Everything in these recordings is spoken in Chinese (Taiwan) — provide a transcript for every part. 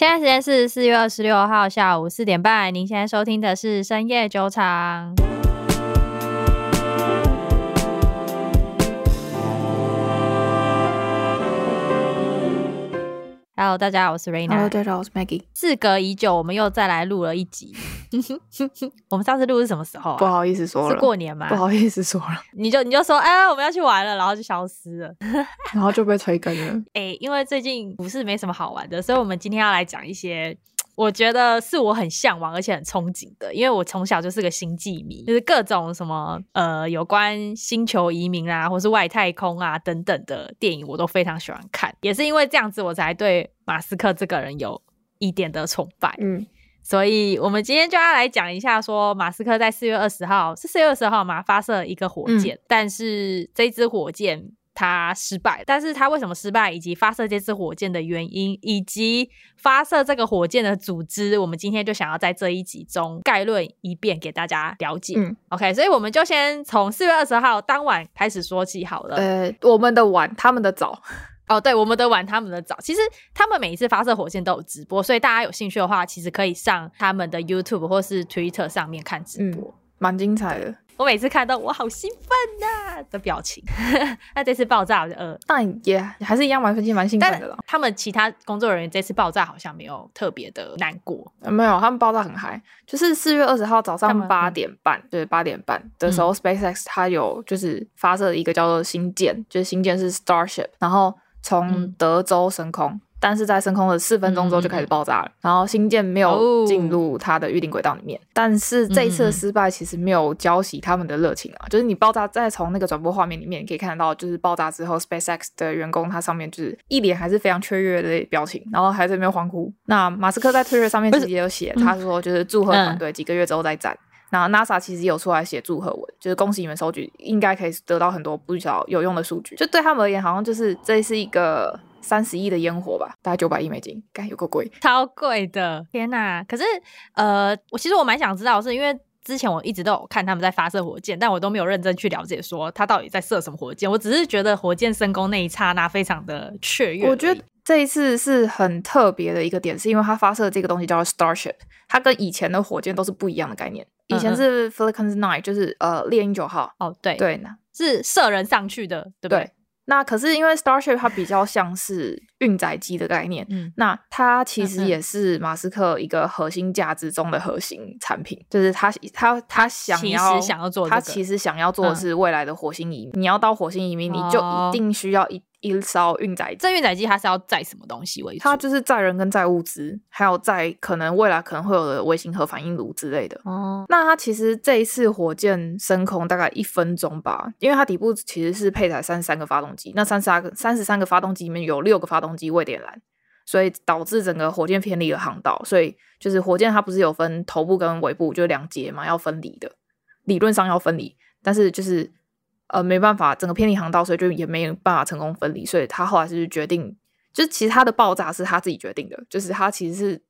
現在時間是四月二十六號下午四點半，您現在收聽的是《深夜酒場》。Hello，大家好，我是 Raina。Hello，大家好，我是 Maggie。時隔已久，我們又再來錄了一集。 我們上次錄是什麼時候、啊？不好意思說了，是過年嘛？不好意思說了，你就你就說，哎，我們要去玩了，然後就消失了， 然後就被催更了。哎、欸，因為最近不是沒什麼好玩的，所以我們今天要來講一些，我覺得是我很嚮往而且很憧憬的，因為我從小就是個星際迷，就是各種什麼呃有關星球移民啊，或是外太空啊等等的電影我都非常喜歡看，也是因為這樣子我才對馬斯克這個人有一點的崇拜。嗯，所以我們今天就要來講一下，說馬斯克在四月二十號，是四月二十號嘛，發射了一個火箭，嗯、但是這支火箭。他失敗，但是他為什麼失敗，以及發射這次火箭的原因，以及發射這個火箭的組織，我們今天就想要在這一集中概論一遍給大家了解。嗯、OK，所以我們就先從四月二十號當晚開始說起好了。呃，我們的晚，他們的早。哦，對，我們的晚，他們的早。其實他們每一次發射火箭都有直播，所以大家有興趣的話，其實可以上他們的 YouTube 或是 Twitter 上面看直播，蠻、嗯、精彩的。我每次看到我好興奮吶、啊、的表情， 那這次爆炸，呃，但也還是一樣蠻開心、蠻興奮的了。他們其他工作人員這次爆炸好像沒有特別的難過、呃，沒有，他們爆炸很嗨。就是四月二十號早上八點半，嗯、對，八點半的時候、嗯、，SpaceX 它有就是發射了一個叫做星艦，就是星艦是 Starship，然後從德州升空。嗯但是在升空的四分鐘之後就開始爆炸了，嗯嗯，然後星艦沒有進入它的預定軌道裡面。嗯嗯，但是這一次的失敗其實沒有澆熄他們的熱情啊，嗯嗯，就是你爆炸，再從那個轉播畫面裡面你可以看到，就是爆炸之後，SpaceX 的員工他上面就是一臉還是非常雀躍的表情，然後還是沒有歡呼。那馬斯克在 Twitter 上面其實也有寫，他說就是祝賀團隊，幾個月之後再戰。嗯、那 NASA 其實也有出來寫祝賀文，就是恭喜你們收集，應該可以得到很多不少有用的數據。就對他們而言，好像就是這是一個。三十億的煙火吧，大概九百億美金，該有個鬼，超貴的，天哪！可是，呃，我其實我蠻想知道是，是因為之前我一直都有看他們在發射火箭，但我都沒有認真去了解，說他到底在射什麼火箭。我只是覺得火箭升空那一剎那非常的雀躍。我覺得這一次是很特別的一個點，是因為它發射的這個東西叫做 Starship，它跟以前的火箭都是不一樣的概念。以前是 Falcon Nine，就是呃獵鷹九號。哦，對，對呢，是射人上去的，對不對？對那可是因為 Starship 它比較像是運載機的概念，嗯、那它其實也是馬斯克一個核心價值中的核心產品，嗯嗯、就是他他他想要想要做、這個，他其實想要做的是未來的火星移民。嗯、你要到火星移民，你就一定需要一。哦一艘運載機這運載機，它是要載什麼東西為主？它就是載人跟載物資，還有載可能未來可能會有的微型核反應爐之類的。哦，那它其實這一次火箭升空大概一分鐘吧，因為它底部其實是配載三十三個發動機，那三十二個、三十三個發動機裡面有六個發動機未點燃，所以導致整個火箭偏離了航道。所以就是火箭它不是有分頭部跟尾部，就兩節嘛，要分離的，理論上要分離，但是就是。呃，沒辦法，整個偏離航道，所以就也沒辦法成功分離。所以他後來是決定，就其實他的爆炸是他自己決定的，就是他其實是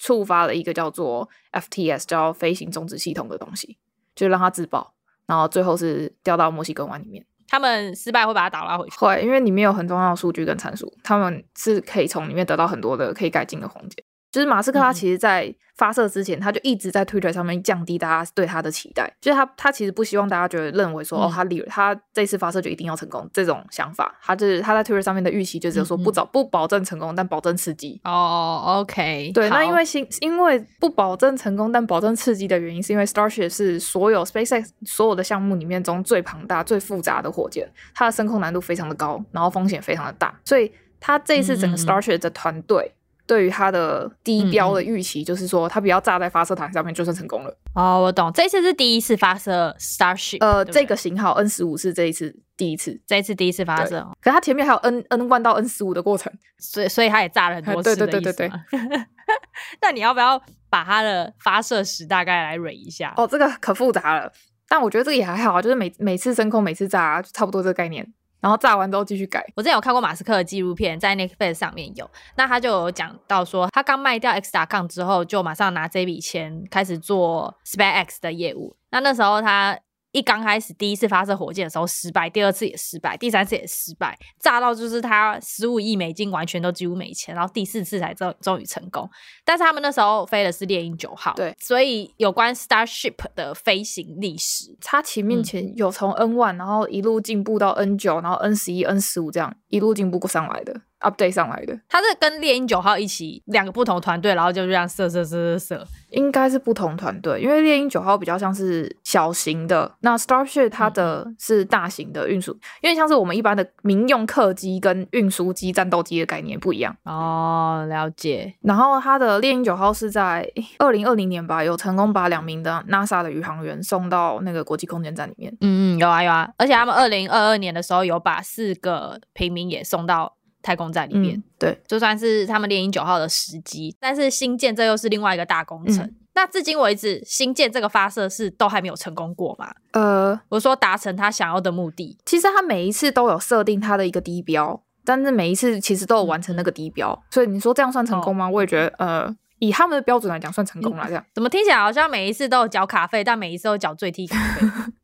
觸發了一個叫做 FTS，叫做飛行終止系統的東西，就讓他自爆，然後最後是掉到墨西哥灣裡面。他們失敗會把它打撈回去，會，因為裡面有很重要的數據跟參數，他們是可以從裡面得到很多的可以改進的空間。就是馬斯克他其實在發射之前，嗯嗯他就一直在 Twitter 上面降低大家對他的期待。就是他他其實不希望大家覺得認為說、嗯、哦，他力他這次發射就一定要成功這種想法。他就是他在 Twitter 上面的預期就只有說不保、嗯嗯、不保證成功，但保證刺激。哦，OK。對，好那因為新因為不保證成功但保證刺激的原因，是因為 Starship 是所有 SpaceX 所有的項目裡面中最龐大、最複雜的火箭，它的升空難度非常的高，然後風險非常的大，所以他這一次整個 Starship 的團隊。嗯嗯對於它的低標的預期，就是說它不要炸在發射塔上面就算成功了。嗯、哦，我懂，這次是第一次發射 Starship，呃，對對這個型號 N 十五是這一次第一次，這一次第一次發射。對哦、可是它前面還有 N N 一到 N 十五的過程，所以所以它也炸了很多次，嗯。對對對對對，對。 那你要不要把它的發射史大概來捋一下？哦，這個可複雜了。但我覺得這個也還好，啊，就是每每次升空，每次炸，啊，差不多這個概念。然後炸完之後繼續改。我之前有看過馬斯克的紀錄片，在 Netflix 上面有。那他就有講到說，他剛賣掉 X.com 之後，就馬上拿這筆錢開始做 SpaceX 的業務。那那時候他。一剛開始，第一次發射火箭的時候失敗，第二次也失敗，第三次也失敗，炸到就是他十五億美金完全都幾乎沒錢，然後第四次才終終於成功。但是他們那時候飛的是獵鷹九號，對，所以有關 Starship 的飛行歷史，它前面前有從 N 一，嗯，然後一路進步到 N 九，然後 N 十一、N 十五這樣一路進步過上來的。Update 上來的，他是跟獵鷹九號一起兩個不同團隊，然後就這樣射射射射射，應該是不同團隊，因為獵鷹九號比較像是小型的，那 Starship 它的是大型的運輸，嗯、因為像是我們一般的民用客機跟運輸機、戰鬥機的概念不一樣。哦，了解。然後他的獵鷹九號是在二零二零年吧，有成功把兩名的 NASA 的宇航員送到那個國際空間站裡面。嗯嗯，有啊有啊，而且他們二零二二年的時候有把四個平民也送到。太空在裡面，嗯、對，就算是他們獵鷹九號的時機，但是星艦這又是另外一個大工程。嗯、那至今為止，星艦這個發射是都還沒有成功過嗎？呃，我說達成他想要的目的，其實他每一次都有設定他的一個低標，但是每一次其實都有完成那個低標，嗯、所以你說這樣算成功嗎？哦、我也覺得，呃，以他們的標準來講，算成功了。這樣、嗯、怎麼聽起來好像每一次都有繳卡費，但每一次都有繳最低。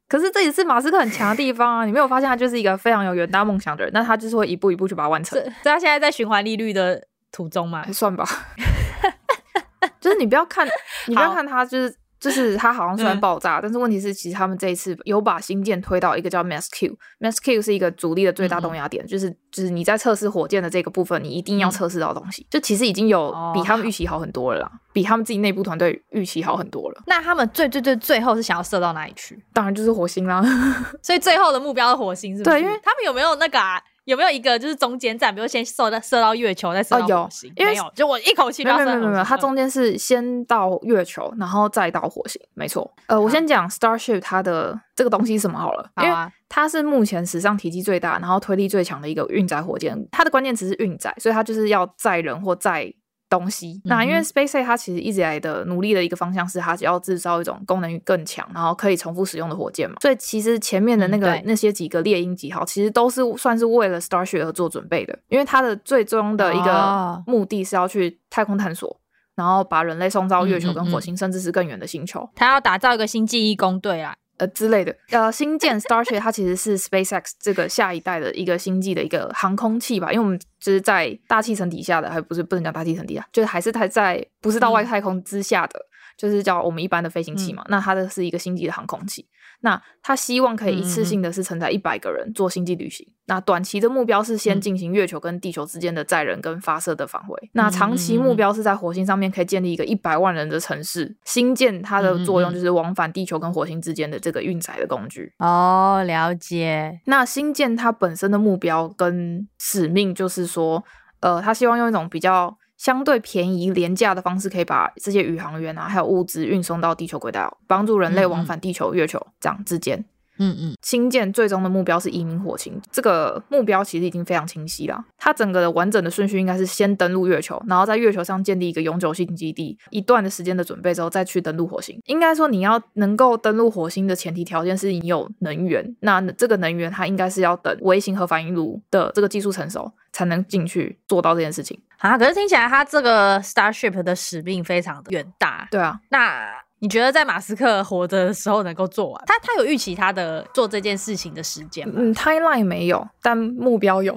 可是這也是馬斯克很強的地方啊！你沒有發現他就是一個非常有遠大夢想的人，那他就是會一步一步去把它完成。所以這 他現在在循環利率的途中嘛，算吧， 就是你不要看， 你不要看他就是。就是它，好像雖然爆炸，啊、但是問題是，其實他們這一次有把星艦推到一個叫 Max Q，Max Q 是一個阻力的最大動壓點，嗯嗯就是就是你在測試火箭的這個部分，你一定要測試到東西。嗯、就其實已經有比他們預期、哦、期好很多了啦，比他們自己內部團隊預期好很多了。那他們最最最最後是想要射到哪裡去？當然就是火星啦。 所以最後的目標是火星，是不是？對，因為他們有沒有那個、啊？有沒有一個就是中間站，比如先射到射到月球，再射到火星？呃、有因為，就我一口氣就要射到沒有沒有沒有，它中間是先到月球，然後再到火星，嗯、沒錯。呃，我先講 Starship 它的這個東西是什麼好了，好啊、因為它是目前史上體積最大，然後推力最強的一個運載火箭。它的關鍵詞是運載，所以它就是要載人或載。東西，那因為 SpaceX 它其實一直以來的努力的一個方向是，它只要製造一種功能更強，然後可以重複使用的火箭嘛。所以其實前面的那個、嗯、那些幾個獵鷹九號，其實都是算是為了 Starship 而做準備的。因為它的最終的一個目的是要去太空探索，哦、然後把人類送到月球、跟火星，嗯嗯嗯甚至是更遠的星球。他要打造一個星際義工隊啊。呃之類的，呃、 啊，星艦 Starship 它其實是 SpaceX 這個下一代的一個星際的一個航空器吧，因為我們就是在大氣層底下的，還不是，不能講大氣層底下，就是還是它在不是到外太空之下的，嗯、就是叫我們一般的飛行器嘛，嗯、那它的是一個星際的航空器。那他希望可以一次性的是承載一百個人做星際旅行。嗯，那短期的目標是先進行月球跟地球之間的載人跟發射的返回。嗯，那長期目標是在火星上面可以建立一個一百萬人的城市。星艦它的作用就是往返地球跟火星之間的這個運載的工具。哦，了解。那星艦它本身的目標跟使命就是說，呃，他希望用一種比較。相對便宜、廉價的方式，可以把這些宇航員啊，還有物資運送到地球軌道，幫助人類往返地球、月球這樣之間。嗯嗯，星、嗯、艦最終的目標是移民火星，這個目標其實已經非常清晰了。它整個的完整的順序應該是先登陸月球，然後在月球上建立一個永久性基地，一段的時間的準備之後再去登陸火星。應該說，你要能夠登陸火星的前提條件是你有能源，那這個能源它應該是要等微型核反應爐的這個技術成熟才能進去做到這件事情啊。可是聽起來，它這個 Starship 的使命非常的遠大。對啊，那。你覺得在馬斯克活着的時候能夠做完？他他有預期他的做這件事情的時間嗎？嗯，Timeline 沒有，但目標有。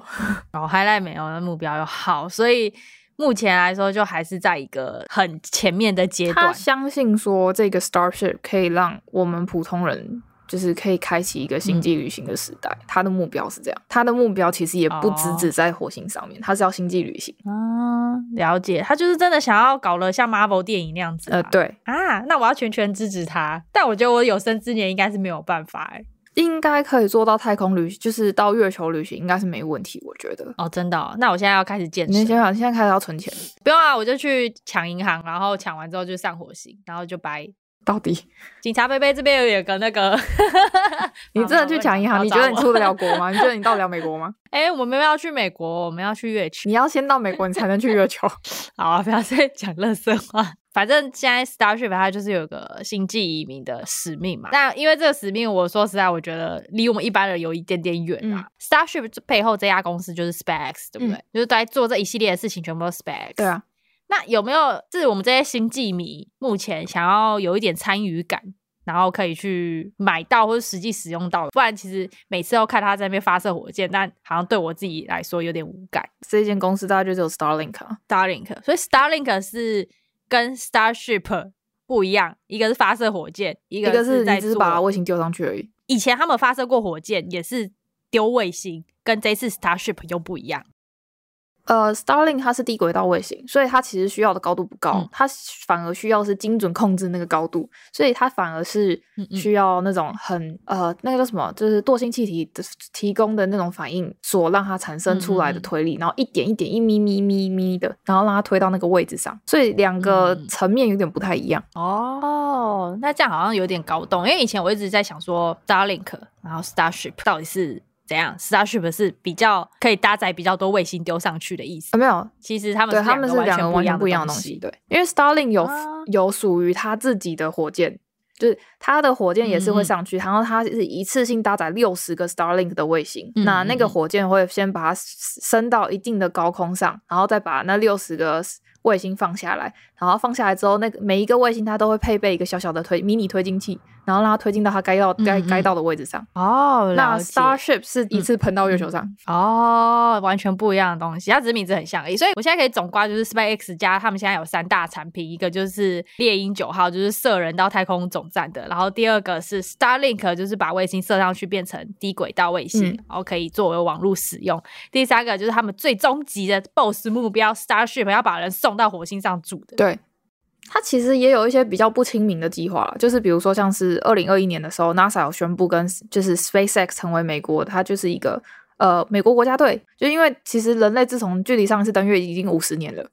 Oh, Timeline 沒有，但目標有。好，所以目前來說就還是在一個很前面的階段。我相信說這個 Starship 可以讓我們普通人就是可以開啟一個星際旅行的時代。嗯、他的目標是這樣，他的目標其實也不只只在火星上面，Oh. 他是要星際旅行。Oh. 了解，他就是真的想要搞了像 Marvel 電影那樣子，啊。呃，對啊，那我要全權支持他。但我覺得我有生之年應該是沒有辦法哎，應該可以做到太空旅行，就是到月球旅行，應該是沒問題。我覺得哦，真的，哦。那我現在要開始健身，你想想，現在開始要存錢，不用啊，我就去搶銀行，然後搶完之後就上火星，然後就掰。到底警察貝貝這邊有有個那個， 你真的去搶銀行？哦、你覺得你出得了國嗎？ 你覺得你到得了美國嗎？哎、 欸，我們沒有要去美國，我們要去月球。 你要先到美國，你才能去月球。好、啊，不要再講垃圾話。反正現在 Starship 它就是有個星際移民的使命嘛。 但因為這個使命，我說實在，我覺得離我們一般人有一點點遠啊。嗯、Starship 背後這家公司就是 SpaceX 對不對？嗯、就是在做這一系列的事情，全部是 SpaceX 對啊。那有沒有是我們這些星際迷目前想要有一點參與感，然後可以去買到或者實際使用到的？不然其實每次都看它在那邊發射火箭，但好像對我自己來說有點無感。這間公司大概就只有 St、啊、Starlink，Starlink，所以 Starlink 是跟 Starship 不一樣，一個是發射火箭，一個是一個是你只是把衛星丟上去而已。以前他們發射過火箭，也是丟衛星，跟這次 Starship 又不一樣。呃、uh,，Starlink 它是低軌道衛星，所以它其實需要的高度不高，嗯、它反而需要是精準控制那個高度，所以它反而是需要那種很嗯嗯呃那個叫什麼，就是惰性氣體的提供的那種反應，所讓它產生出來的推力，嗯嗯然後一點一點一咪咪咪咪的，然後讓它推到那個位置上，所以兩個層面有點不太一樣。嗯、哦，那這樣好像有點搞不懂，因為以前我一直在想說 Starlink，然後 Starship 到底是。怎樣？Starship 是，是比較可以搭載比較多衛星丟上去的意思。啊、沒有，其實他們對他們是兩個完全不一樣的東西。對，因為 Starlink 有、啊、有屬於他自己的火箭，就是他的火箭也是會上去，嗯、哼然後它是一次性搭載六十個 Starlink 的衛星。嗯、哼那那個火箭會先把它升到一定的高空上，然後再把那六十個衛星放下來。然後放下來之後，那個每一個衛星它都會配備一個小小的推迷你推進器，然後讓它推進到它該到嗯嗯該該到的位置上。哦，那 Starship、嗯、是一次噴到月球上？嗯嗯哦，完全不一樣的東西，它只是名字很像而已。所以我現在可以總括，就是 SpaceX 家他們現在有三大產品，一個就是獵鷹九號，就是射人到太空總站的；然後第二個是 Starlink，就是把衛星射上去變成低軌道衛星，嗯、然後可以作為網絡使用；第三個就是他們最終極的 Boss 目標 Starship 對要把人送到火星上住的。對。它其實也有一些比較不親民的計劃啦，就是比如說像是二零二一年的時候，NASA 有宣布跟就是 SpaceX 成為美國，它就是一個呃美國國家隊，就因為其實人類自從距離上一次登月已經五十年了，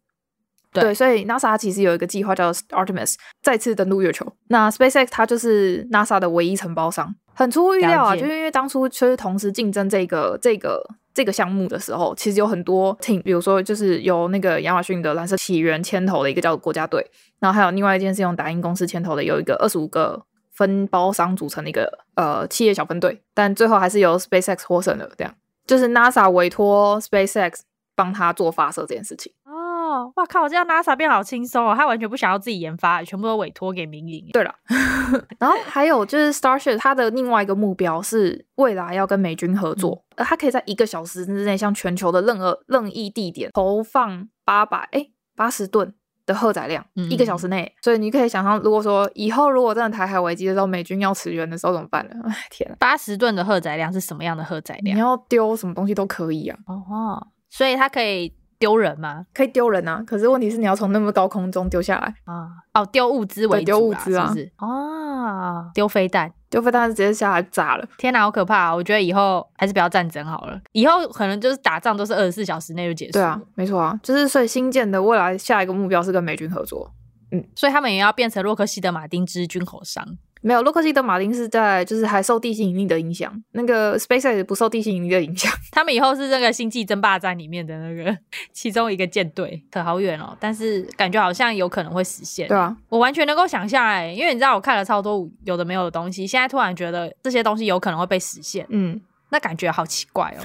對，對，所以 NASA 其實有一個計劃叫 Artemis，再次登陸月球。那 SpaceX 它就是 NASA 的唯一承包商，很出乎意料啊，了解。就因為當初其實同時競爭這個這個。這個項目的時候，其實有很多 team，比如說就是由那個亞馬遜的藍色起源牽頭的一個叫國家隊，然後還有另外一件是用打印公司牽頭的，有一個二十五個分包商組成的一個呃企業小分隊，但最後還是由 SpaceX 獲勝了。這樣就是 NASA 委託 SpaceX 幫他做發射這件事情。哇靠！這樣 NASA 變好輕鬆哦，他完全不想要自己研發，全部都委托給民營。對了啦， 然後還有就是 Starship，它的另外一個目標是未來要跟美軍合作，呃、嗯，它可以在一個小時之內向全球的任何任意地點投放八百哎八十噸的荷載量，一個小時內。嗯、所以你可以想象，如果說以後如果真的台海危機的時候，美軍要馳援的時候怎麼辦呢？天、啊，八十噸的荷載量是什麼樣的荷載量？你要丟什麼東西都可以啊。哦、oh, so，所以它可以。丟人嗎？可以丟人啊，可是問題是你要從那麼高空中丟下來啊！哦，丟物資為主，丟物資啊！丟飛彈，丟飛彈直接下來炸了！天哪、啊，好可怕！啊！我覺得以後還是不要戰爭好了，以後可能就是打仗都是二十四小時內就結束。對啊，沒錯啊，就是所以星艦的未來下一個目標是跟美軍合作。嗯，所以他們也要變成洛克希德馬丁之軍火商。沒有，洛克希德馬丁是在，就是還受地心引力的影響。那個 SpaceX 不受地心引力的影響。他們以後是那個星際爭霸戰裡面的那個其中一個艦隊，可好遠哦，喔！但是感覺好像有可能會實現。對啊，我完全能夠想象、欸，因為你知道我看了超多有的沒有的東西，現在突然覺得這些東西有可能會被實現。嗯。那感覺好奇怪哦！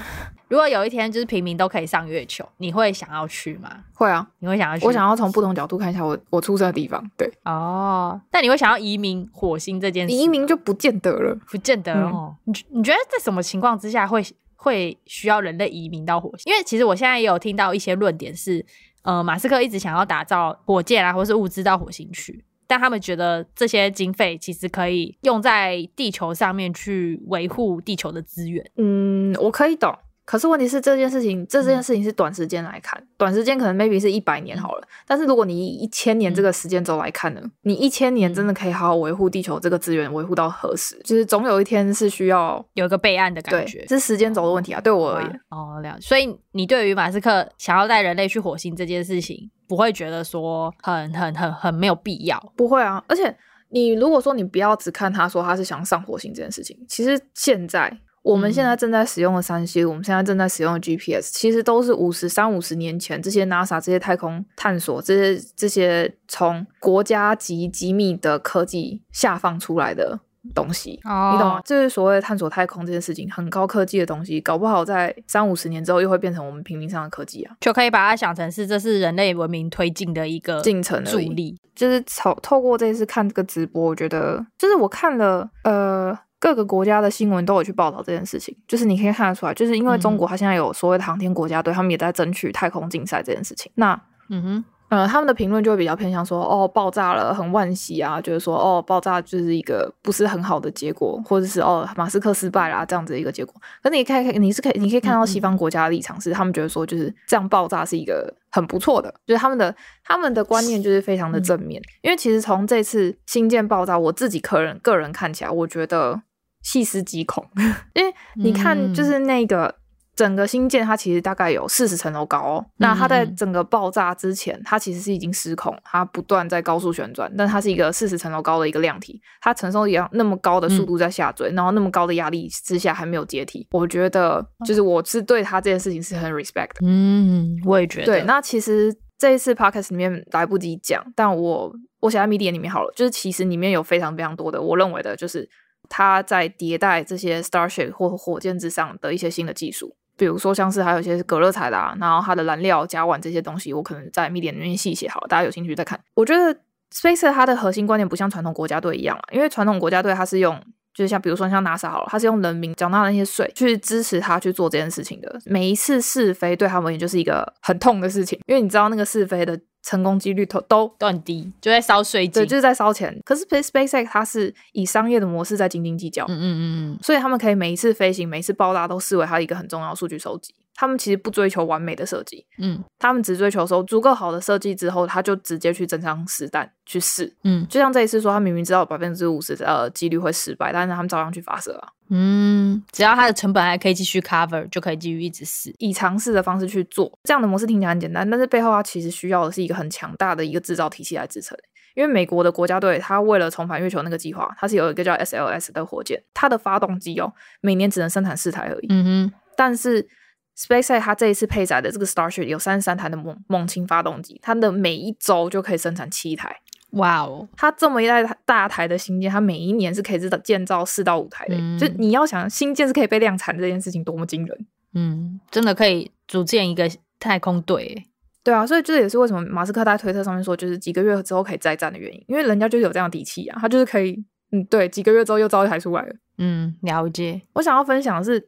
如果有一天就是平民都可以上月球，你會想要去嗎？會啊，你會想要去。我想要從不同角度看一下我我出生的地方。對哦，但你會想要移民火星這件事？移民就不見得了，不見得了哦。嗯，你你覺得在什麼情況之下會會需要人類移民到火星？因為其實我現在也有聽到一些論點是，呃，馬斯克一直想要打造火箭啊，或是物資到火星去。但他們覺得這些經費其實可以用在地球上面，去維護地球的資源。嗯，我可以懂。可是問題是這件事情，這件事情是短時間來看，嗯、短時間可能 maybe 是一百年好了。嗯、但是如果你一千年這個時間軸來看呢，嗯、你一千年真的可以好好維護地球這個資源，維護、嗯、到何時？就是總有一天是需要有一個備案的感覺，這是時間軸的問題啊。哦、對我而言哦，兩所以你你對於馬斯克想要帶人類去火星這件事情，不會覺得說很很很很沒有必要？不會啊。而且你如果說你不要只看他說他是想上火星這件事情，其實現在。我們現在正在使用的 3C、嗯、我們現在正在使用的 GPS，其實都是五十三五十年前這些 NASA 這些太空探索這些這些從國家級機密的科技下放出來的東西，哦、你懂嗎？這、就是所謂探索太空這件事情，很高科技的東西，搞不好在三五十年之後又會變成我們平民上的科技啊，就可以把它想成是這是人類文明推進的一個進程助力。就是透透過這次看這個直播，我覺得就是我看了呃。各個國家的新聞都有去報道這件事情，就是你可以看得出來，就是因為中國，它現在有所謂的航天國家隊，嗯、他們也在爭取太空競賽這件事情。那，嗯哼，呃，他們的評論就會比較偏向說，哦，爆炸了，很惋惜啊，就是說，哦，爆炸就是一個不是很好的結果，或者是，是哦，馬斯克失敗啦、啊、這樣子的一個結果。可是你看，你是可以，你可以看到西方國家的立場是，嗯、哼他們覺得說，就是這樣爆炸是一個很不錯的，就是他們的他們的觀念就是非常的正面。嗯、哼因為其實從這次星艦爆炸，我自己個人個人看起來，我覺得。細思極恐， 因為你看，就是那個、嗯、整個星艦，它其實大概有四十層樓高哦。嗯、那它在整個爆炸之前，它其實是已經失控，它不斷在高速旋轉，但它是一個四十層樓高的一個量體，它承受一樣那麼高的速度在下墜，嗯、然後那麼高的壓力之下還沒有解體。我覺得，就是我是對它這件事情是很 respect 的。嗯，我也覺得。對，那其實這一次 Podcast 裡面來不及講，但我我想在 media 裡面好了，就是其實裡面有非常非常多的，我認為的就是。他在迭代這些 Starship 或火箭之上的一些新的技術，比如說像是還有一些隔熱材啦、啊，然後它的燃料、甲烷這些東西，我可能在 Medium 裡面細寫，好了，大家有興趣再看。我覺得 Space 它的核心觀點不像傳統國家隊一樣了，因為傳統國家隊它是用，就是像比如說像 NASA 好了，它是用人民繳納那些稅去支持它去做這件事情的，每一次試飛對他們也就是一個很痛的事情，因為你知道那個試飛的。成功幾率都都都很低，就在燒水。對，就是在燒錢。可是 SpaceX 它是以商業的模式在斤斤計較。嗯嗯嗯嗯。所以他們可以每一次飛行、每一次爆炸都視為它一個很重要的數據收集。他們其實不追求完美的設計。嗯。他們只追求說足夠好的設計之後，他就直接去真槍實彈去試。嗯。就像這一次說，他明明知道百分之五十呃幾率會失敗，但是他們照樣去發射、啊、嗯。只要它的成本還可以繼續 cover，就可以繼續一直試，以嘗試的方式去做。這樣的模式聽起來很簡單，但是背後它其實需要的是一個很強大的一個制造體系來支撐。因為美國的國家隊，它為了重返月球那個計劃，它是有一個叫 SLS 的火箭，它的發動機哦、喔，每年只能生產四台而已。嗯哼。但是 SpaceX 它這一次配載的這個 Starship 有三十三台的猛猛禽發動機，它的每一周就可以生產七台。哇哦，他 Wow 這麼一代大台的星艦，他每一年是可以是建造四到五台的。嗯、就你要想星艦是可以被量產這件事情多麼驚人。嗯，真的可以組建一個太空隊。對啊，所以這也是為什麼馬斯克他在推特上面說，就是幾個月之後可以再戰的原因，因為人家就是有這樣的底氣啊，他就是可以，嗯，對，幾個月之後又造一台出來。嗯，了解。我想要分享的是，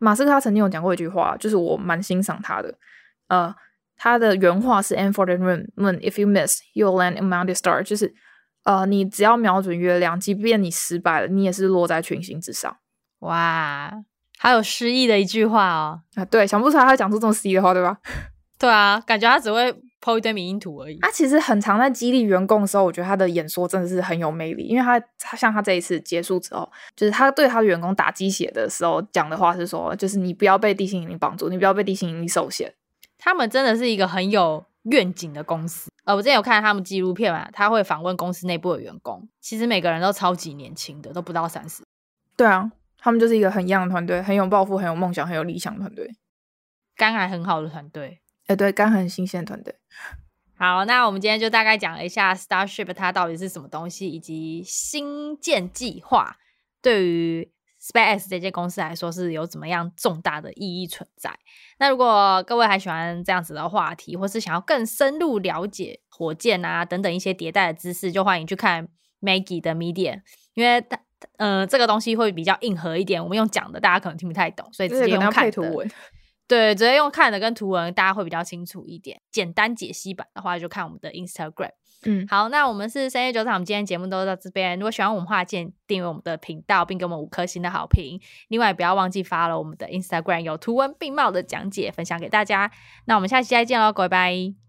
馬斯克他曾經有講過一句話，就是我蠻欣賞他的，呃。他的原話是 Aim for the moon, if you miss, you'll land among the stars。”就是，呃，你只要瞄準月亮，即便你失敗了，你也是落在群星之上。哇，還有詩意的一句話哦！啊，對，想不出來，他講出這種 c 的話，對吧？對啊，感覺他只會拋一堆迷因圖而已。他其實很常在激勵員工的時候，我覺得他的演說真的是很有魅力，因為他他像他這一次結束之後，就是他對他的員工打雞血的時候講的話是說，就是你不要被地心引力綁住，你不要被地心引力受限。他們真的是一個很有願景的公司，呃、啊，我之前有看他們紀錄片嘛，他會訪問公司內部的員工，其實每個人都超級年輕的，都不到三十。對啊，他們就是一個很 young 的團隊，很有抱負，很有夢想，很有理想團隊，肝還很好的團隊，哎、欸，對肝很新鮮團隊。好，那我們今天就大概講一下 Starship 它到底是什麼東西，以及星艦計劃對於 SpaceX 這間公司來說是有怎麼樣重大的意義存在？那如果各位還喜歡這樣子的話題，或是想要更深入了解火箭啊等等一些迭代的知識，就歡迎去看 Maggie 的 Media，因為它嗯、呃、這個東西會比較硬核一點，我們用講的大家可能聽不太懂，所以直接用看圖文，對，直接用看的跟圖文大家會比較清楚一點。簡單解析版的話，就看我們的 Instagram。嗯，好，那我們是三月九，廠，我們今天節目都到這邊。如果喜歡我們話，記得訂閱我們的頻道，並給我們五顆星的好評。另外，不要忘記 follow 我們的 Instagram，有圖文並茂的講解分享給大家。那我們下期再見嘍，各位拜。